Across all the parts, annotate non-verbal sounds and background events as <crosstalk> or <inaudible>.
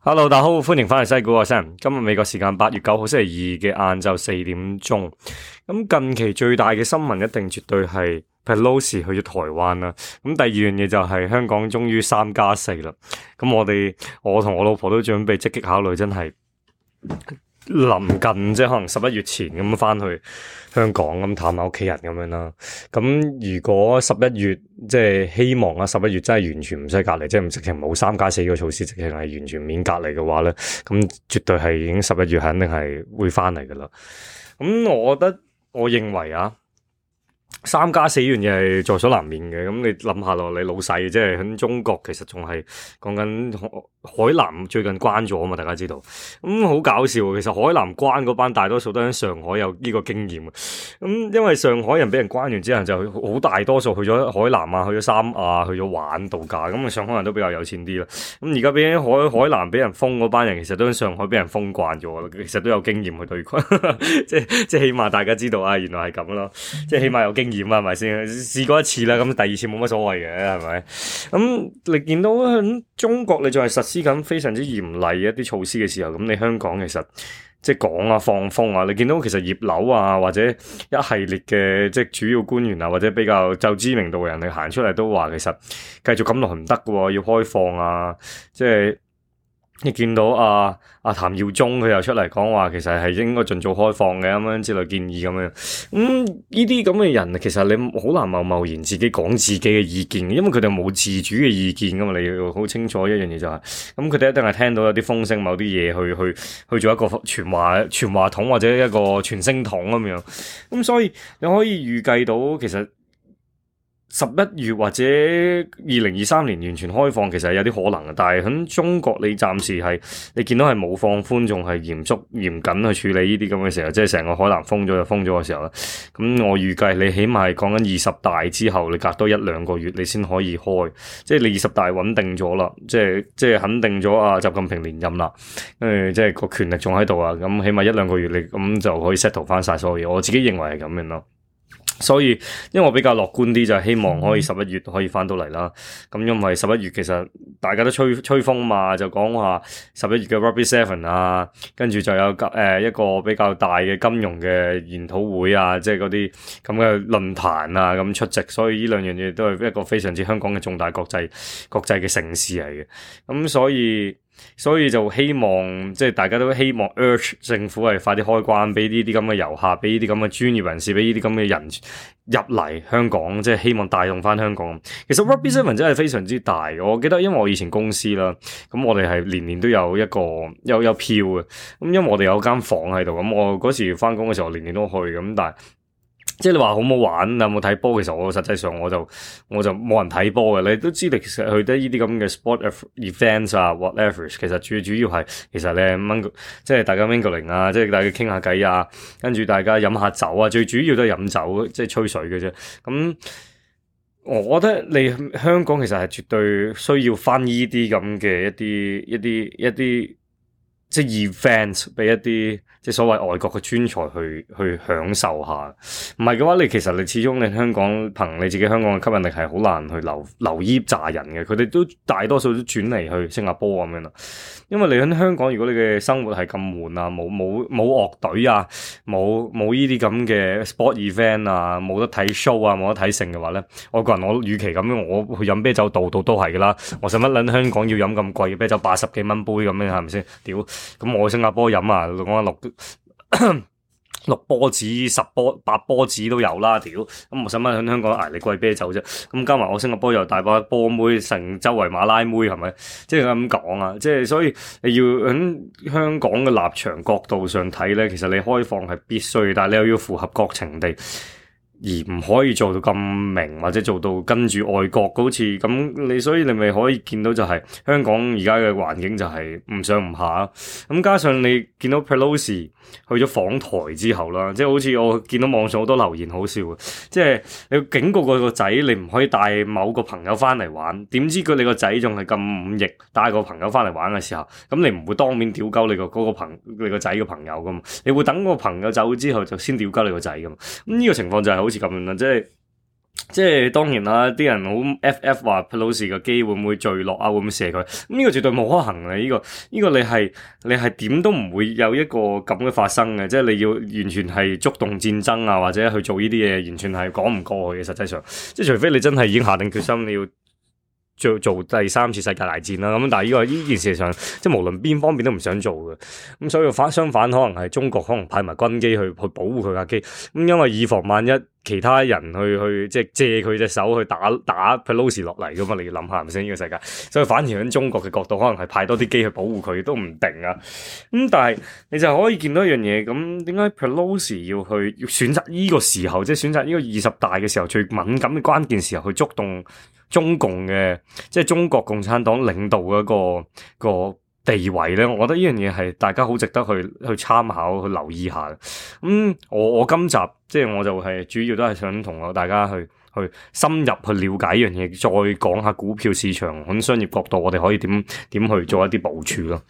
hello，大家好，歡迎返嚟西股，我係 Sam，今日美國時間八月九號星期二嘅晏晝四點鐘，咁近期最大嘅新聞一定絕對係 Pelosi 去咗台灣啦，咁第二樣嘢就係香港終於三加四啦，咁我哋我同我老婆都準備積極考慮，真係。臨近即係可能十一月前咁翻去香港咁探下屋企人咁樣啦。咁如果十一月即係希望啊，十一月真係完全唔使隔離，即係唔直情冇三加四個措施，直情係完全免隔離嘅話咧，咁絕對係已經十一月肯定係會翻嚟㗎喇。咁我覺得，我認為啊，三加四呢樣嘢係在所難免嘅。咁你諗下咯，你老細即係喺中國其實仲係講緊。海南最近關咗啊嘛，大家知道，咁、嗯、好搞笑。其實海南關嗰班大多數都喺上海有呢個經驗，咁、嗯、因為上海人俾人關完之後就好大多數去咗海南啊，去咗三亞，去咗玩度假。咁、嗯、啊，上海人都比較有錢啲啦。咁而家俾海海南俾人封嗰班人，其實都喺上海俾人封慣咗啦，其實都有經驗去對抗， <laughs> 即係即係起碼大家知道啊，原來係咁咯，即係起碼有經驗啊，係咪先？試過一次啦，咁第二次冇乜所謂嘅係咪？咁、嗯、你見到喺、嗯、中國，你仲係實施緊非常之嚴厲一啲措施嘅時候，咁你香港其實即係講啊放風啊，你見到其實葉劉啊或者一系列嘅即係主要官員啊或者比較就知名度嘅人你行出嚟都話，其實繼續咁落去唔得嘅，要開放啊，即係。你見到阿、啊、阿、啊、譚耀宗佢又出嚟講話，其實係應該盡早開放嘅咁樣之類建議咁樣，咁呢啲咁嘅人其實你好難貿貿然自己講自己嘅意見，因為佢哋冇自主嘅意見噶嘛，你要好清楚一樣嘢就係、是，咁佢哋一定係聽到有啲風聲某，某啲嘢去去去做一個傳話傳話筒或者一個傳聲筒咁樣，咁、嗯、所以你可以預計到其實。十一月或者二零二三年完全開放，其實有啲可能嘅。但係喺中國，你暫時係你見到係冇放寬，仲係嚴肅、嚴謹去處理呢啲咁嘅時候，即係成個海南封咗就封咗嘅時候啦。咁我預計你起碼係講緊二十大之後，你隔多一兩個月你先可以開，即係你二十大穩定咗啦，即係即係肯定咗啊習近平連任啦，跟住即係個權力仲喺度啊。咁起碼一兩個月你咁就可以 settle 翻曬所有嘢。我自己認為係咁樣咯。所以，因為我比較樂觀啲，就係、是、希望可以十一月可以翻到嚟啦。咁因為十一月其實大家都吹吹風嘛，就講話十一月嘅 Rugby Seven 啊，跟住就有金一、呃、一個比較大嘅金融嘅研討會啊，即係嗰啲咁嘅論壇啊咁出席，所以呢兩樣嘢都係一個非常之香港嘅重大國際國際嘅城市嚟、啊、嘅。咁、嗯、所以。所以就希望，即係大家都希望 urge 政府係快啲開關，俾呢啲咁嘅遊客，俾呢啲咁嘅專業人士，俾呢啲咁嘅人入嚟香港，即係希望帶動翻香港。其實 Rugby Seven 真係非常之大，我記得因為我以前公司啦，咁我哋係年年都有一個有有票嘅，咁因為我哋有間房喺度，咁我嗰時翻工嘅時候年年都去，咁但係。即係你話好唔好玩，有冇睇波？其實我實際上我就我就冇人睇波嘅。你都知道，其實去得呢啲咁嘅 sport events 啊，whatever，其實主主要係其實咧 mingle 即係大家 mingling 啊，即係大家傾下偈啊，跟住大家飲下酒啊，最主要都係飲酒，即係吹水嘅啫。咁我覺得你香港其實係絕對需要翻呢啲咁嘅一啲一啲一啲。一即係 event 俾一啲即係所謂外國嘅專才去去享受下，唔係嘅話，你其實你始終你香港憑你自己香港嘅吸引力係好難去留留僞炸人嘅，佢哋都大多數都轉嚟去新加坡咁樣啦。因為你喺香港，如果你嘅生活係咁悶啊，冇冇冇樂隊啊，冇冇呢啲咁嘅 sport event 啊，冇得睇 show 啊，冇得睇成嘅話咧，我個人我與其咁，我去飲啤酒度度都係㗎啦，我使乜撚香港要飲咁貴嘅啤酒八十幾蚊杯咁樣係咪先？屌，咁我去新加坡飲啊，我話六。 <coughs> 六波子、十波、八波子都有啦，屌！咁我使乜喺香港挨你貴啤酒啫，咁、啊、加埋我新加坡又大把波妹、成周圍馬拉妹，係咪？即係咁講啊！即係所以要喺香港嘅立場角度上睇咧，其實你開放係必須，但係你又要符合國情地。而唔可以做到咁明，或者做到跟住外國好似咁，你所以你咪可以見到就係、是、香港而家嘅環境就係唔上唔下。咁、嗯、加上你見到 Pelosi 去咗訪台之後啦，即係好似我見到網上好多留言好笑，即係你警告個個仔，你唔可以帶某個朋友翻嚟玩，點知佢你個仔仲係咁忤逆帶個朋友翻嚟玩嘅時候，咁、嗯、你唔會當面屌鳩你、個、嗰個朋你個仔嘅朋友噶嘛？你會等個朋友走之後就先屌鳩你個仔噶嘛？咁、嗯、呢、這個情況就係、是、好。好似咁樣啦，即係即係當然啦，啲人好 F F 話 Pelosi 個機會唔會墜落啊，會唔會射佢？呢個絕對冇可能嘅，呢、呢個呢、呢個你係你係點都唔會有一個咁嘅發生嘅，即係你要完全係觸動戰爭啊，或者去做呢啲嘢，完全係講唔過去嘅。實際上，即係除非你真係已經下定決心，你要做做第三次世界大戰啦。咁但係、呢、呢個呢件事上，即係無論邊方面都唔想做嘅。咁所以反相反，可能係中國可能派埋軍機去去保護佢架機，咁因為以防萬一。其他人去去即係借佢隻手去打打 Pelosi 落嚟噶嘛？你要諗下係咪先呢個世界？所以反而喺中國嘅角度，可能係派多啲機去保護佢都唔定啊。咁、嗯、但係你就可以見到一樣嘢，咁點解 Pelosi 要去要選擇呢個時候，即係選擇呢個二十大嘅時候，最敏感嘅關鍵時候去觸動中共嘅，即係中國共產黨領導嘅一個一個。地位咧，我覺得呢樣嘢係大家好值得去去參考去留意下嘅。咁、嗯、我我今集即係我就係主要都係想同大家去去深入去了解呢樣嘢，再講下股票市場喺商業角度，我哋可以點點去做一啲部署咯。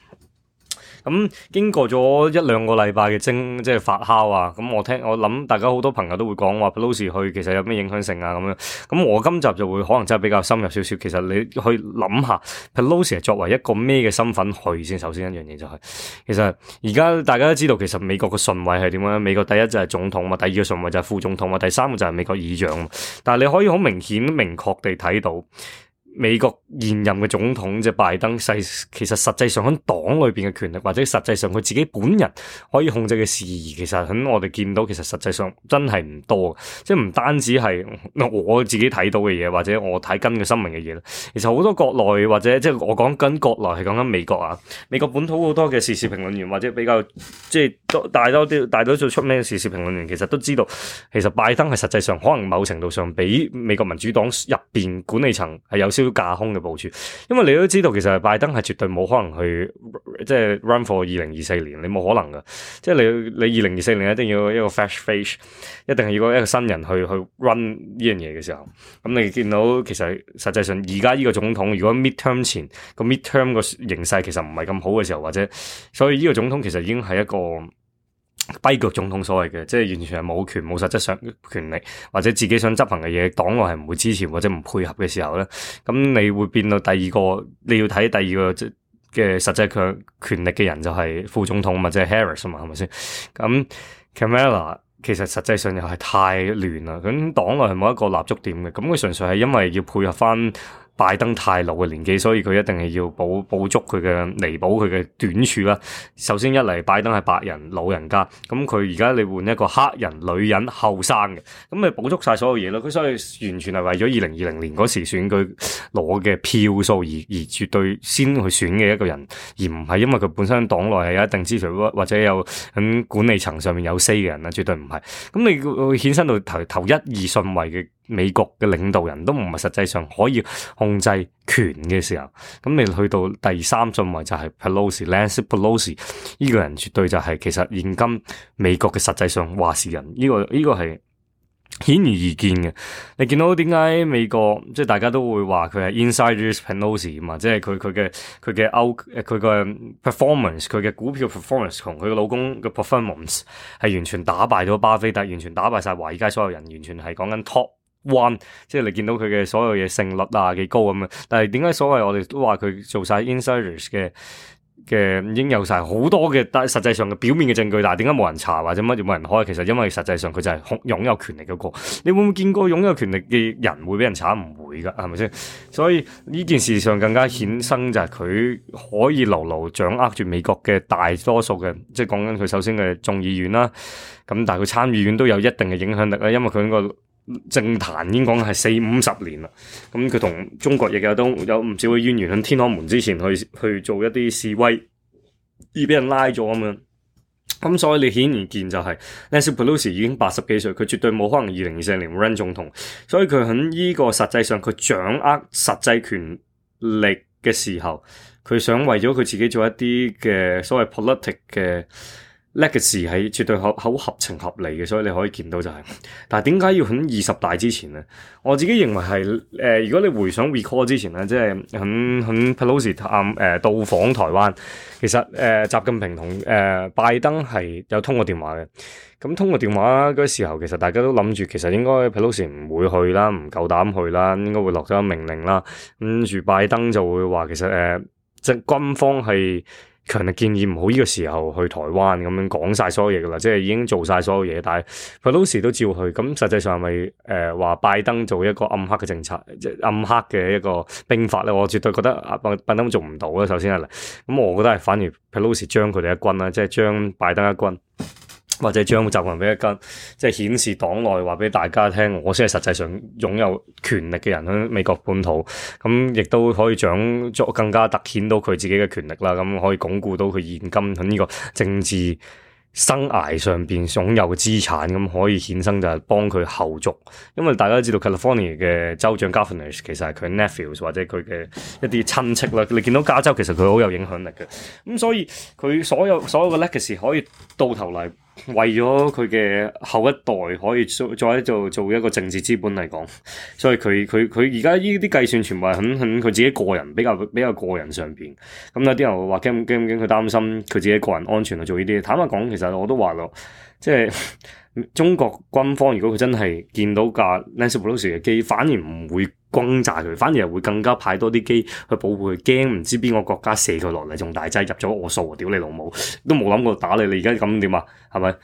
咁、嗯、經過咗一兩個禮拜嘅蒸，即係發酵啊！咁、嗯、我聽，我諗大家好多朋友都會講話 Pelosi 去，其實有咩影響性啊？咁樣，咁、嗯、我今集就會可能真係比較深入少少。其實你去諗下，Pelosi 作為一個咩嘅身份去先？首先一樣嘢就係、是，其實而家大家都知道，其實美國嘅順位係點樣？美國第一就係總統嘛，第二個順位就係副總統嘛，第三個就係美國議長。但係你可以好明顯、明確地睇到。美國現任嘅總統，即拜登，實其實實際上喺黨裏邊嘅權力，或者實際上佢自己本人可以控制嘅事宜，其實喺我哋見到，其實實際上真係唔多，即係唔單止係我自己睇到嘅嘢，或者我睇緊嘅新聞嘅嘢啦。其實好多國內或者即係我講緊國內係講緊美國啊，美國本土好多嘅時事評論員或者比較即係多大多啲大多最出名嘅時事評論員，其實都知道其實拜登係實際上可能某程度上比美國民主黨入邊管理層係有少少架空嘅部署，因為你都知道，其實拜登係絕對冇可能去即係 run for 二零二四年，你冇可能噶，即係你你二零二四年一定要一個 fresh face，一定係要一個新人去去 run 呢樣嘢嘅時候，咁、嗯、你見到其實實際上而家呢個總統，如果 mid term 前，個 mid term 個形勢其實唔係咁好嘅時候，或者所以呢個總統其實已經係一個。跛腳總統所謂嘅，即係完全係冇權冇實質上嘅權力，或者自己想執行嘅嘢，黨內係唔會支持或者唔配合嘅時候咧，咁你會變到第二個，你要睇第二個嘅實際權權力嘅人就係副總統啊嘛，即係 Harris 啊嘛，係咪先？咁 Kamala 其實實際上又係太亂啦，咁黨內係冇一個立足點嘅，咁佢純粹係因為要配合返。拜登太老嘅年紀，所以佢一定係要補補足佢嘅彌補佢嘅短處啦。首先一嚟，拜登係白人老人家，咁佢而家你換一個黑人女人後生嘅，咁咪補足晒所有嘢咯。佢所以完全係為咗二零二零年嗰時選舉攞嘅票數而而絕對先去選嘅一個人，而唔係因為佢本身黨內係有一定支持，或者有喺管理層上面有 say 嘅人啦，絕對唔係。咁你會衍生到頭頭一二順位嘅美國嘅領導人都唔係實際上可以控制權嘅時候，咁你去到第三順位就係 Pelosi，Nancy Pelosi 依個人絕對就係其實現今美國嘅實際上話事人，呢、呢個依、呢個係顯而易見嘅。你見到點解美國即係、就是、大家都會話佢係 inside this Pelosi 嘛？即係佢佢嘅佢嘅佢嘅 performance，佢嘅股票 performance 同佢嘅老公嘅 performance 係完全打敗咗巴菲特，完全打敗晒華爾街所有人，完全係講緊 top。one，即係你見到佢嘅所有嘢，勝率啊幾高咁樣，但係點解所謂我哋都話佢做晒 insiders 嘅嘅已經有晒好多嘅，但係實際上嘅表面嘅證據，但係點解冇人查或者乜冇人開？其實因為實際上佢就係擁有權力嗰個。你會唔會見過擁有權力嘅人會俾人查？唔會噶，係咪先？所以呢件事上更加衍生就係佢可以牢牢掌握住美國嘅大多數嘅，即係講緊佢首先嘅眾議院啦。咁但係佢參議院都有一定嘅影響力啦，因為佢應該。政壇已經講緊係四五十年啦，咁佢同中國亦都有唔少嘅淵源。喺天安門之前去去做一啲示威，而俾人拉咗咁嘛。咁所以你顯而見就係、是、Nancy <music> Pelosi 已經八十幾歲，佢絕對冇可能二零二四年 run 總統。所以佢喺呢個實際上，佢掌握實際權力嘅時候，佢想為咗佢自己做一啲嘅所謂 politics 嘅。呢件事係絕對好，好合情合理嘅，所以你可以見到就係、是。但係點解要喺二十大之前咧？我自己認為係誒、呃，如果你回想 recall 之前咧，即係喺喺 Pelosi 探、啊、誒、呃、到訪台灣，其實誒、呃、習近平同誒、呃、拜登係有通過電話嘅。咁通過電話嗰時候，其實大家都諗住，其實應該 Pelosi 唔會去啦，唔夠膽去啦，應該會落咗命令啦。跟住拜登就會話其實誒、呃，即軍方係。強烈建議唔好呢個時候去台灣，咁樣講晒所有嘢啦，即係已經做晒所有嘢。但係佢 e l o s i 都照去，咁實際上係咪誒話拜登做一個暗黑嘅政策，即係暗黑嘅一個兵法咧？我絕對覺得阿、啊、拜登做唔到啊！首先係啦，咁我覺得係反而 Pelosi 將佢哋一軍啦，即係將拜登一軍，或者將責任俾一間，即係顯示黨內話俾大家聽，我先係實際上擁有權力嘅人喺美國本土，咁、嗯、亦都可以長更加凸顯到佢自己嘅權力啦。咁、嗯、可以鞏固到佢現今喺呢個政治生涯上邊擁有嘅資產，咁、嗯、可以衍生就係幫佢後續。因為大家都知道 California 嘅州長 Governor 其實係佢 nephews 或者佢嘅一啲親戚啦。你見到加州其實佢好有影響力嘅，咁、嗯、所以佢所有所有嘅 legacy 可以到頭嚟。為咗佢嘅後一代可以做再再做，做一個政治資本嚟講，所以佢佢佢而家呢啲計算全部係喺喺佢自己個人比較比較個人上邊。咁有啲人會話驚唔驚佢擔心佢自己個人安全去做呢啲，坦白講，其實我都話咯，即係。中國軍方如果佢真係見到架 Nancy Pelosi 嘅機，反而唔會轟炸佢，反而係會更加派多啲機去保護佢，驚唔知邊個國家射佢落嚟，仲大劑入咗我數，我屌你老母，都冇諗過打你，你而家咁點啊係咪？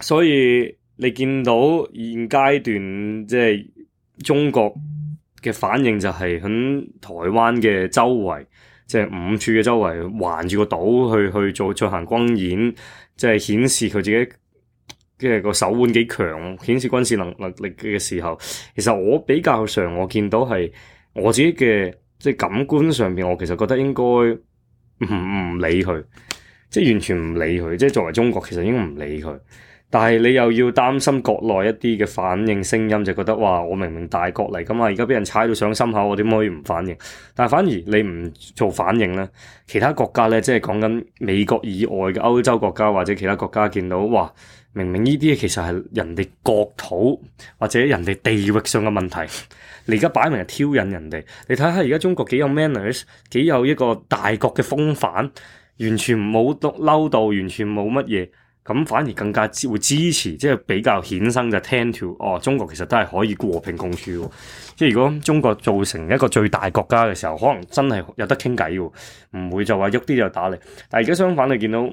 所以你見到現階段即係、就是、中國嘅反應就係喺台灣嘅周圍，即、就、係、是、五處嘅周圍，環住個島去去做進行軍演，即係顯示佢自己。即係個手腕幾強，顯示軍事能力嘅時候，其實我比較常我見到係我自己嘅即係感官上面，我其實覺得應該唔唔理佢，即係完全唔理佢，即係作為中國，其實應該唔理佢。但係你又要擔心國內一啲嘅反應聲音，就覺得哇，我明明大國嚟咁啊，而家畀人踩到上心口，我點可以唔反應？但係反而你唔做反應咧，其他國家咧，即係講緊美國以外嘅歐洲國家或者其他國家，見到哇，明明呢啲其實係人哋國土或者人哋地域上嘅問題， <laughs> 你而家擺明係挑釁人哋。你睇下而家中國幾有 manners，幾有一個大國嘅風範，完全冇嬲到，完全冇乜嘢。咁反而更加會支持，即係比較顯生就聽條哦。中國其實都係可以和平共處喎。即係如果中國造成一個最大國家嘅時候，可能真係有得傾偈喎，唔會就話喐啲就打你。但係而家相反，你見到。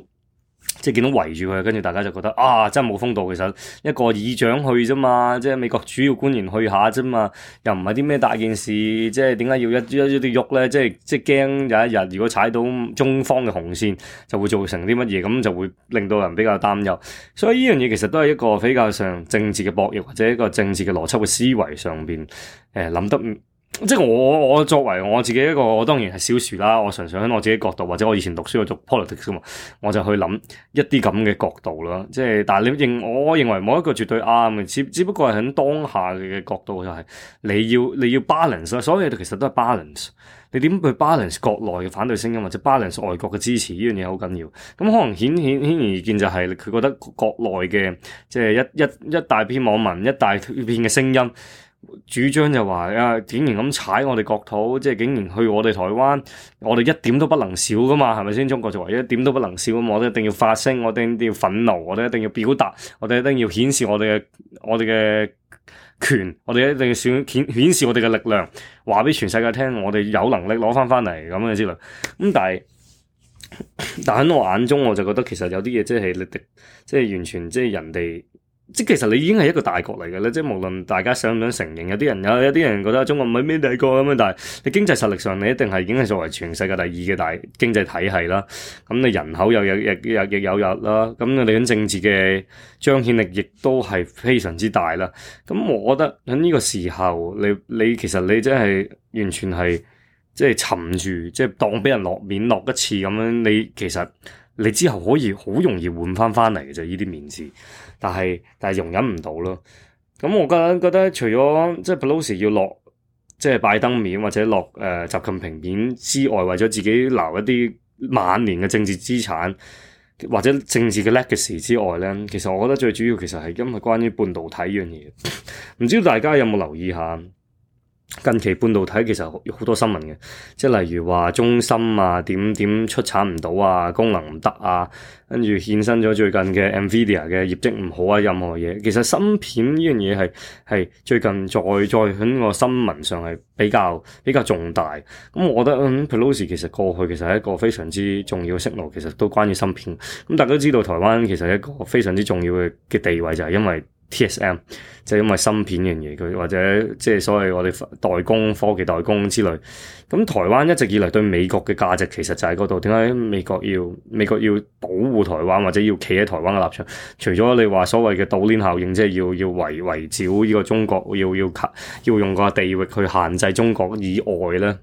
即係見到圍住佢，跟住大家就覺得啊，真係冇風度。其實一個議長去啫嘛，即係美國主要官員去下啫嘛，又唔係啲咩大件事。即係點解要一一啲喐咧？即係即係驚有一日如果踩到中方嘅紅線，就會造成啲乜嘢，咁就會令到人比較擔憂。所以呢樣嘢其實都係一個比較上政治嘅博弈，或者一個政治嘅邏輯嘅思維上邊誒諗得。即係我我作為我自己一個，我當然係小樹啦。我常常喺我自己角度，或者我以前讀書我做 politics 啊嘛，我就去諗一啲咁嘅角度啦。即係但係你認我認為冇一個絕對啱嘅，只只不過係喺當下嘅角度就係、是、你要你要 balance 啦，所以其實都係 balance。你點去 balance 國內嘅反對聲音，或者 balance 外國嘅支持，呢樣嘢好緊要。咁可能顯顯顯而易見就係佢覺得國內嘅即係一一一大篇網文，一大片嘅聲音。主張就話啊，竟然咁踩我哋國土，即係竟然去我哋台灣，我哋一點都不能少噶嘛，係咪先？中國就話一點都不能少，咁我哋一定要發聲，我哋一定要憤怒，我哋一定要表達，我哋一定要顯示我哋嘅我哋嘅權，我哋一定要顯顯示我哋嘅力量，話俾全世界聽，我哋有能力攞翻翻嚟，咁樣之類。咁、嗯、但係但喺我眼中，我就覺得其實有啲嘢，即係你哋，即係完全即係人哋。即係其實你已經係一個大國嚟嘅咧，即係無論大家想唔想承認，有啲人有一啲人覺得中國唔係咩大國咁樣，但係你經濟實力上你一定係已經係作為全世界第二嘅大經濟體系啦。咁你人口又有有有亦有入啦，咁你喺政治嘅彰顯力亦都係非常之大啦。咁我覺得喺呢個時候，你你其實你真係完全係即係沉住，即係當俾人落面落一次咁樣，你其實你之後可以好容易換翻翻嚟嘅啫，呢啲面子。但係但係容忍唔到咯，咁、嗯、我個人覺得除咗即係 Pelosi 要落即係、就是、拜登面或者落誒、呃、習近平面之外，為咗自己留一啲晚年嘅政治資產或者政治嘅 legacy 之外咧，其實我覺得最主要其實係因為關於半導體呢樣嘢，唔知道大家有冇留意下？近期半導體其實好多新聞嘅，即係例如話中芯啊點點出產唔到啊，功能唔得啊，跟住衍生咗最近嘅 NVIDIA 嘅業績唔好啊，任何嘢其實芯片呢樣嘢係係最近再再在在喺個新聞上係比較比較重大。咁我覺得嗯，Pelosi 其實過去其實係一個非常之重要嘅 signal，其實都關於芯片。咁大家都知道台灣其實一個非常之重要嘅嘅地位就係因為。TSM 就因為芯片嘅嘢，佢或者即係所謂我哋代工科技代工之類。咁台灣一直以嚟對美國嘅價值其實就喺嗰度。點解美國要美國要保護台灣或者要企喺台灣嘅立場？除咗你話所謂嘅島鏈效應，即係要要圍圍繞呢個中國，要要要用個地域去限制中國以外咧？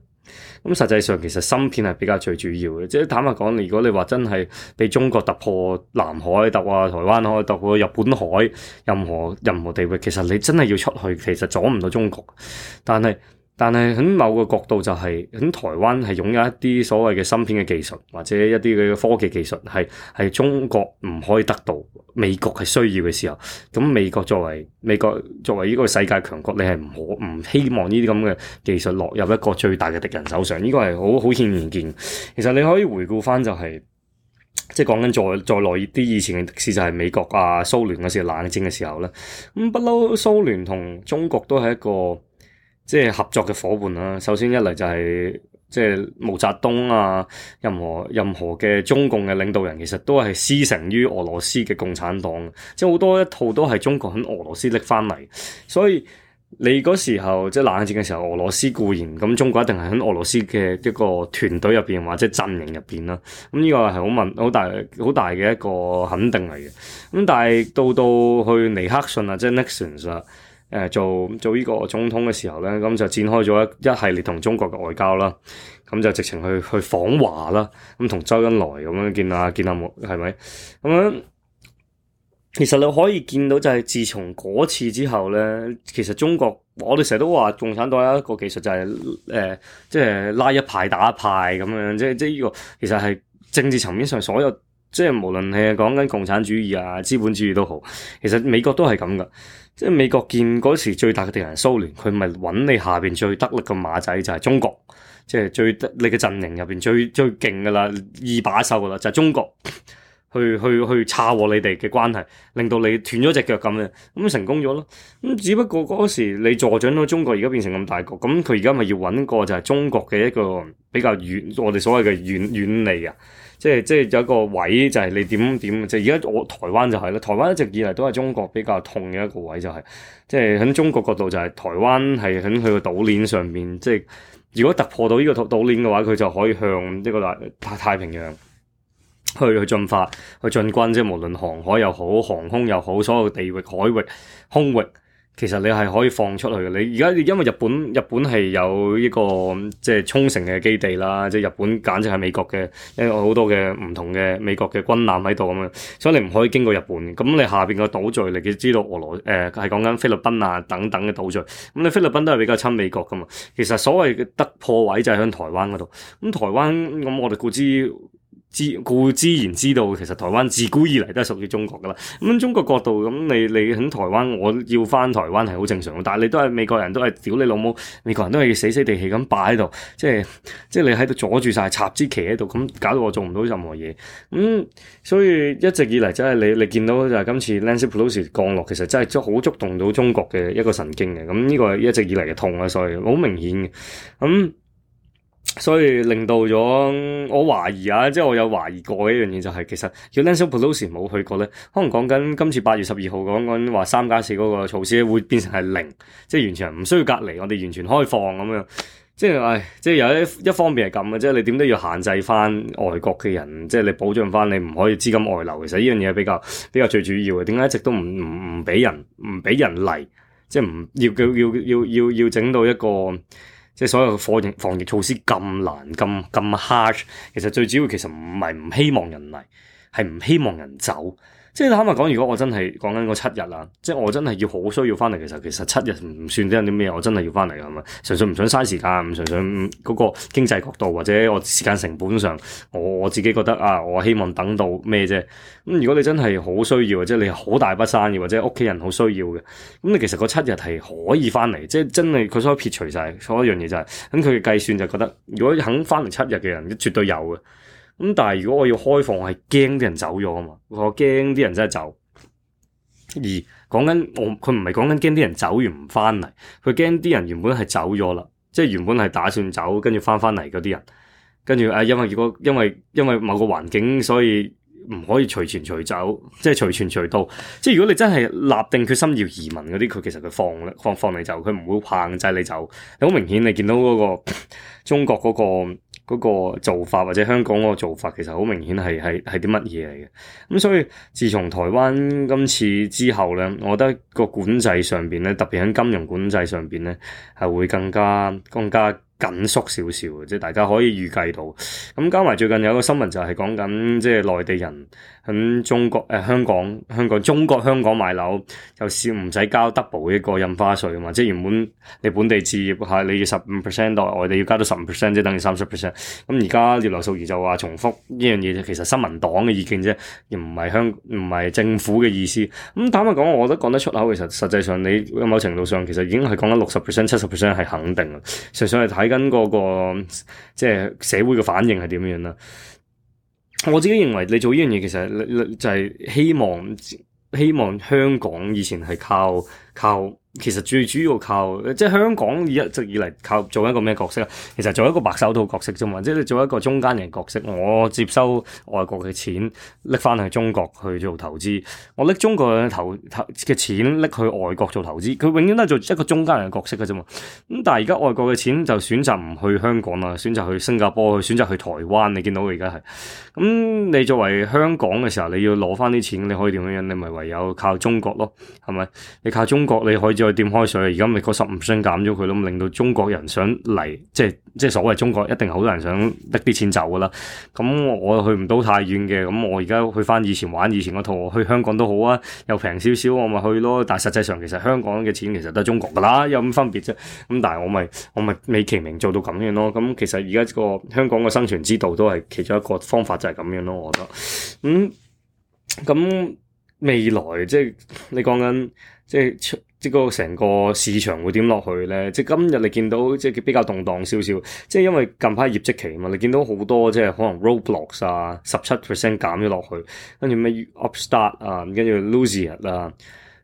咁實際上其實芯片係比較最主要嘅，即係坦白講，如果你話真係畀中國突破南海、突破台灣海、突破日本海，任何任何地域，其實你真係要出去，其實阻唔到中國，但係。但係喺某個角度就係、是、喺台灣係擁有一啲所謂嘅芯片嘅技術，或者一啲嘅科技技術係係中國唔可以得到，美國係需要嘅時候，咁美國作為美國作為呢個世界強國，你係唔可唔希望呢啲咁嘅技術落入一個最大嘅敵人手上，呢個係好好顯然見。其實你可以回顧翻就係即係講緊再再耐啲以前嘅歷史，就係、是、美國啊蘇聯嗰時冷戰嘅時候咧，咁不嬲蘇聯同中國都係一個。即係合作嘅伙伴啦。首先一嚟就係，即係毛澤東啊，任何任何嘅中共嘅領導人，其實都係師承於俄羅斯嘅共產黨，即係好多一套都係中國喺俄羅斯拎翻嚟。所以你嗰時候即係冷戰嘅時候，俄羅斯固然咁，中國一定係喺俄羅斯嘅一個團隊入邊或者陣營入邊啦。咁呢個係好問好大好大嘅一個肯定嚟嘅。咁但係到到去尼克遜啊，即係 Nixon 啦。誒、呃、做做依個總統嘅時候咧，咁就展開咗一一系列同中國嘅外交啦，咁就直情去去訪華啦，咁同周恩來咁樣見啊見下我係咪？咁樣其實你可以見到就係自從嗰次之後咧，其實中國我哋成日都話共產黨有一個技術就係、是、誒，即、呃、係、就是、拉一派打一派咁樣，即即呢個其實係政治層面上所有，即、就、係、是、無論係講緊共產主義啊、資本主義都好，其實美國都係咁噶。即係美國見嗰時最大嘅敵人係蘇聯，佢咪揾你下邊最得力嘅馬仔就係中國，即係最得你嘅陣營入邊最最勁噶啦，二把手噶啦就係、是、中國去，去去去插和你哋嘅關係，令到你斷咗隻腳咁嘅，咁、嗯、成功咗咯。咁、嗯、只不過嗰時你助長到中國，而家變成咁大國，咁佢而家咪要揾個就係中國嘅一個比較遠，我哋所謂嘅遠遠離。啊。即係即係有一個位就係你點點，即係而家我台灣就係、是、啦。台灣一直以嚟都係中國比較痛嘅一個位，就是，就係即係喺中國角度就係、是、台灣係喺佢個島鏈上面。即係如果突破到呢個島島鏈嘅話，佢就可以向呢個大太平洋去去進發去進軍。即係無論航海又好、航空又好，所有地域海域、空域。其實你係可以放出去嘅，你而家因為日本日本係有一個即係沖繩嘅基地啦，即係日本簡直係美國嘅，因為好多嘅唔同嘅美國嘅軍艦喺度咁樣，所以你唔可以經過日本。咁你下邊個島嶼，你佢知道俄羅，誒係講緊菲律賓啊等等嘅島嶼。咁你菲律賓都係比較親美國噶嘛。其實所謂嘅突破位就係喺台灣嗰度。咁台灣咁我哋故知。知故自，自然知道，其實台灣自古以嚟都係屬於中國㗎喇。咁、嗯、中國角度，咁、嗯、你你喺台灣，我要返台灣係好正常。但係你都係美國人都係屌你老母，美國人都係死死地氣咁擺喺度，即係即係你喺度阻住晒插支旗喺度，咁搞到我做唔到任何嘢。咁、嗯、所以一直以嚟真係你你見到就係今次 Nancy Pelosi 降落，其實真係好觸動到中國嘅一個神經嘅。咁、嗯、呢、呢個係一直以嚟嘅痛啊，所以好明顯嘅咁。嗯所以令到咗，我懷疑啊，即係我有懷疑過嘅一樣嘢就係、是，其實叫 Nancy Pelosi 冇去過咧，可能講緊今次八月十二號，講緊話三加四嗰個措施會變成係零，即係完全唔需要隔離，我哋完全開放咁樣，即係，唉，即係有一一方面係咁嘅，即係你點都要限制翻外國嘅人，即係你保障翻你唔可以資金外流，其實呢樣嘢比較比較最主要嘅。點解一直都唔唔唔俾人唔俾人嚟，即係唔要要要要要整到一個？即係所有嘅防疫，防疫措施咁難咁咁 hard，其實最主要其實唔係唔希望人嚟，係唔希望人走。即係坦白講，如果我真係講緊嗰七日啦，即係我真係要好需要翻嚟。其實其實七日唔算得有啲咩，我真係要翻嚟嘅係咪？純粹唔想嘥時間，唔純粹嗰個經濟角度或者我時間成本上，我我自己覺得啊，我希望等到咩啫？咁如果你真係好需要，即係你好大筆生意或者屋企人好需要嘅，咁你其實嗰七日係可以翻嚟。即係真係佢所撇除晒，所有一樣嘢就係、是、咁。佢嘅計算就覺得，如果肯翻嚟七日嘅人，絕對有嘅。咁但係如果我要開放，我係驚啲人走咗啊嘛！我驚啲人真係走。而講緊我佢唔係講緊驚啲人走完唔翻嚟，佢驚啲人原本係走咗啦，即係原本係打算走跟住翻翻嚟嗰啲人，跟住誒因為如果因為因為某個環境，所以唔可以隨傳隨走，即係隨傳隨到。即係如果你真係立定決心要移民嗰啲，佢其實佢放咧放放你走，佢唔會硬擠你走。你好明顯你見到嗰個中國嗰個。嗰個做法或者香港嗰個做法其實好明顯係係啲乜嘢嚟嘅，咁所以自從台灣今次之後咧，我覺得個管制上邊咧，特別喺金融管制上邊咧，係會更加更加緊縮少少即係大家可以預計到。咁、嗯、加埋最近有個新聞就係講緊，即係內地人喺中國誒、呃、香港香港中國香港買樓，又是唔使交 double 一個印花稅啊嘛。即係原本你本地置業嚇你要十五 percent，外外地要加到十五 percent，即係等於三十 percent。咁而家劉淑儀就話重複呢樣嘢，其實新聞黨嘅意見啫，唔係香唔係政府嘅意思。咁、嗯、坦白講，我覺得講得出口，其實實際上你某程度上其實已經係講緊六十 percent、七十 percent 係肯定嘅。上上嚟睇。睇緊嗰個，即係社會嘅反應係點樣啦？我自己認為你做呢樣嘢，其實就係希望希望香港以前係靠靠。靠其實最主要靠即係香港一直以嚟靠做一個咩角色啊？其實做一個白手套角色啫嘛，即係你做一個中間人角色。我接收外國嘅錢，拎翻去中國去做投資。我拎中國嘅投投嘅錢拎去外國做投資。佢永遠都係做一個中間人嘅角色㗎啫嘛。咁但係而家外國嘅錢就選擇唔去香港啦，選擇去新加坡，去選擇去台灣。你見到而家係咁，你作為香港嘅時候，你要攞翻啲錢，你可以點樣樣？你咪唯有靠中國咯，係咪？你靠中國你可以做。佢點開水，而家咪個十五箱減咗佢咯，咁令到中國人想嚟，即係即係所謂中國一定好多人想逼啲錢走噶啦。咁我去唔到太遠嘅，咁我而家去翻以前玩以前嗰套，去香港都好啊，又平少少，我咪去咯。但係實際上其實香港嘅錢其實都係中國噶啦，有咩分別啫？咁但係我咪我咪美其名做到咁樣咯。咁其實而家個香港嘅生存之道都係其中一個方法就係咁樣咯。我覺得咁咁、嗯、未來即係你講緊即係。呢個成個市場會點落去咧？即係今日你見到即係比較動盪少少，即係因為近排業績期啊嘛，你見到好多即係可能 Roblox 啊，十七 percent 減咗落去，跟住咩 Upstart 啊，跟住 Lusia 啦。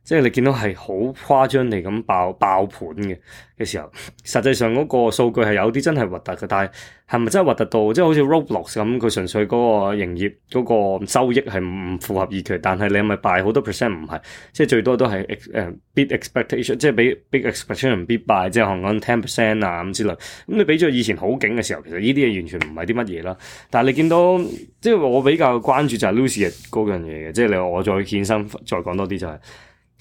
即係你見到係好誇張地咁爆爆盤嘅嘅時候，實際上嗰個數據係有啲真係核突嘅，但係係咪真係核突到？即係好似 Roblox 咁，佢純粹嗰個營業嗰個收益係唔符合預期，但係你係咪敗好多 percent 唔係？即係最多都係誒 beat expectation，即係比 beat expectation 唔 beat 敗，即係講緊 ten percent 啊咁之類。咁你比咗以前好景嘅時候，其實呢啲嘢完全唔係啲乜嘢啦。但係你見到，即係我比較關注就係 Lucy 嗰樣嘢嘅，即係你話我再衍生再講多啲就係、是。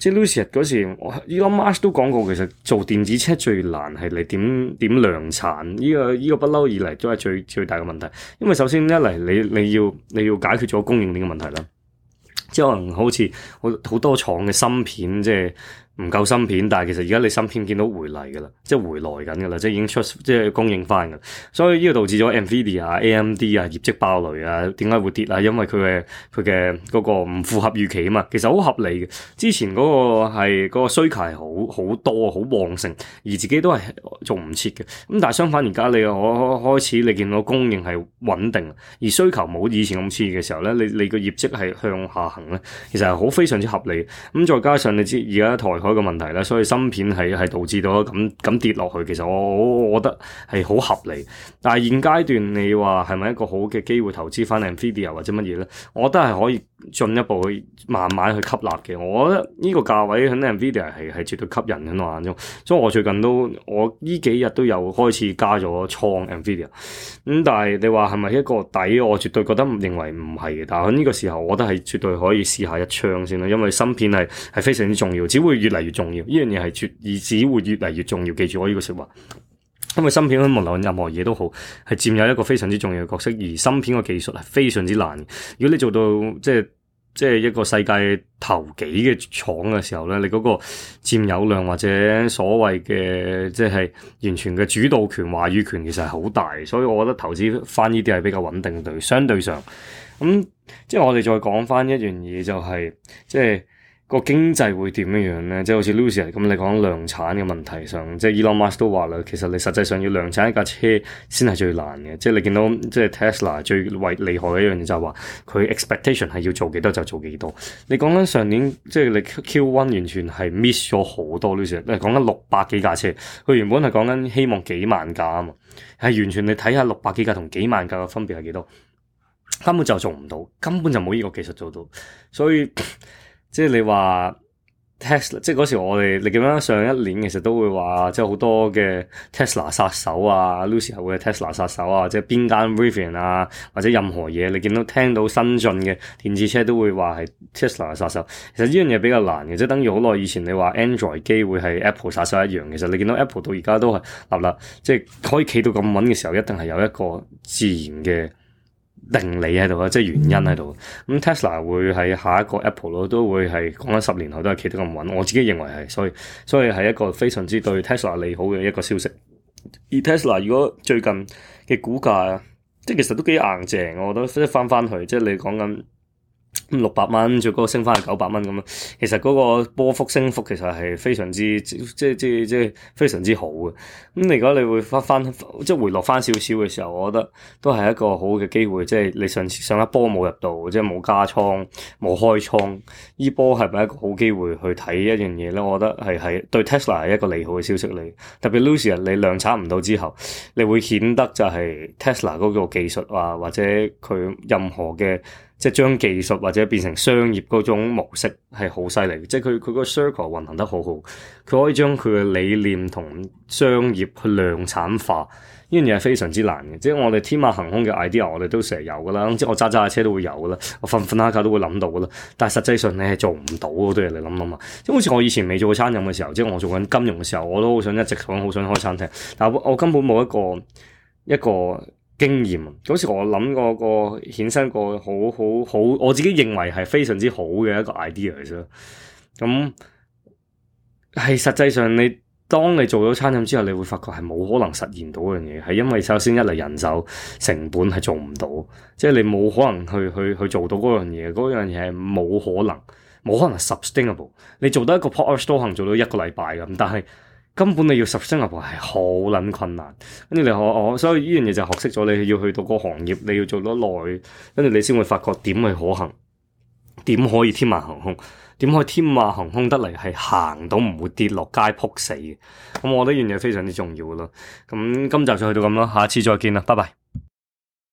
即係 Lucid 嗰時，依家 Musk 都講過，其實做電子車最難係你點點量產，呢、呢個依、呢個不嬲以嚟都係最最大嘅問題。因為首先一嚟你你要你要解決咗供應鏈嘅問題啦，即係可能好似好好多廠嘅芯片即係。唔夠芯片，但係其實而家你芯片見到回嚟㗎啦，即係回來緊㗎啦，即係已經出即係供應翻㗎啦。所以呢個導致咗 NVIDIA 啊、AMD 啊業績爆雷啊，點解會跌啊？因為佢嘅佢嘅嗰個唔符合預期啊嘛。其實好合理嘅。之前嗰個係嗰個需求係好好多好旺盛，而自己都係做唔切嘅。咁但係相反而家你我開始你見到供應係穩定，而需求冇以前咁黐嘅時候咧，你你個業績係向下行咧，其實係好非常之合理。咁再加上你知而家台。所以芯片係係導致到咁咁跌落去。其實我我，我覺得係好合理。但係現階段你話係咪一個好嘅機會投資翻 v i d i a 或者乜嘢咧？我覺得係可以。進一步去慢慢去吸納嘅，我覺得呢個價位肯定 Nvidia 係係絕對吸引嘅嘛。所以我最近都我呢幾日都有開始加咗倉 Nvidia，咁、嗯、但係你話係咪一個底，我絕對覺得認為唔係嘅，但係呢個時候，我覺得係絕對可以試下一槍先啦，因為芯片係係非常之重要，只會越嚟越重要，呢樣嘢係絕而只會越嚟越重要，記住我呢個説話。因為芯片，無論任何嘢都好，係佔有一個非常之重要嘅角色。而芯片嘅技術係非常之難。如果你做到即係即係一個世界頭幾嘅廠嘅時候咧，你嗰個佔有量或者所謂嘅即係完全嘅主導權、話語權其實係好大。所以我覺得投資翻呢啲係比較穩定對，相對上咁即係我哋再講翻一樣嘢就係、是、即係。個經濟會點樣樣咧？即係好似 Lucid 咁，你講量產嘅問題上，即 Elon Musk 都話啦，其實你實際上要量產一架車先係最難嘅。即係你見到即係 Tesla 最為厲害一樣嘢就係話佢 expectation 係要做幾多就做幾多，多。你講緊上年即係你 Q One 完全係 miss 咗好多 Lucid。你講緊六百幾架車，佢原本係講緊希望幾萬架啊嘛，係完全你睇下六百幾架同幾萬架嘅分別係幾多？根本就做唔到，根本就冇呢個技術做到，所以。即係你話 Tesla，即係嗰時我哋，你記唔記得上一年其實都會話，即係好多嘅 Tesla 殺手啊，Lucid 嘅 Tesla 殺手啊，即係邊間 Rivian 啊，或者任何嘢，你見到聽到新進嘅電子車都會話係 Tesla 殺手。其實呢樣嘢比較難嘅，即係等於好耐以前你話 Android 機會係 Apple 殺手一樣。其實你見到 Apple 到而家都係立立，即係可以企到咁穩嘅時候，一定係有一個自然嘅。定理喺度啊，即係原因喺度。咁、嗯、Tesla 會喺下一個 Apple 咯，都會係講緊十年後都係企得咁穩。我自己認為係，所以所以係一個非常之對 Tesla 利好嘅一個消息。而 Tesla 如果最近嘅股價，即係其實都幾硬淨，我覺得即係翻翻去，即係你講緊。六百蚊最高升翻九百蚊咁樣，其實嗰個波幅升幅其實係非常之即即即,即非常之好嘅。咁如果你會翻翻即回落翻少少嘅時候，我覺得都係一個好嘅機會。即你上次上一波冇入到，即冇加倉冇開倉，呢波係咪一個好機會去睇一樣嘢咧？我覺得係係對 Tesla 係一個利好嘅消息嚟，特別 Lucy 你量產唔到之後，你會顯得就係 Tesla 嗰個技術啊或者佢任何嘅。即係將技術或者變成商業嗰種模式係好犀利，即係佢佢個 circle 運行得好好，佢可以將佢嘅理念同商業去量產化，呢樣嘢係非常之難嘅。即係我哋天馬行空嘅 idea，我哋都成日有㗎啦，即係我揸揸下車都會有㗎啦，我瞓瞓下覺都會諗到㗎啦。但係實際上你係做唔到嘅，都要你諗諗啊。即係好似我以前未做餐飲嘅時候，即係我做緊金融嘅時候，我都好想一直講，好想開餐廳，但係我，我根本冇一個一個。一個經驗，嗰時我諗個個衍生過個好好好，我自己認為係非常之好嘅一個 idea 嚟啫。咁、嗯、係實際上你，你當你做咗餐飲之後，你會發覺係冇可能實現到嗰樣嘢，係因為首先一嚟人手成本係做唔到，即係你冇可能去去去做到嗰樣嘢，嗰樣嘢係冇可能，冇可能 sustainable 你做得一個 pop up store 可能做到一個禮拜咁，但係。根本你要十升入去係好撚困難，跟住你學我、哦，所以呢樣嘢就學識咗。你要去到嗰個行業，你要做多耐，跟住你先會發覺點係可行，點可以天馬行空，點可以天馬行空得嚟係行到唔會跌落街仆死嘅。咁、嗯、我覺得呢樣嘢非常之重要咯。咁、嗯、今集就去到咁咯，下次再見啦，拜拜。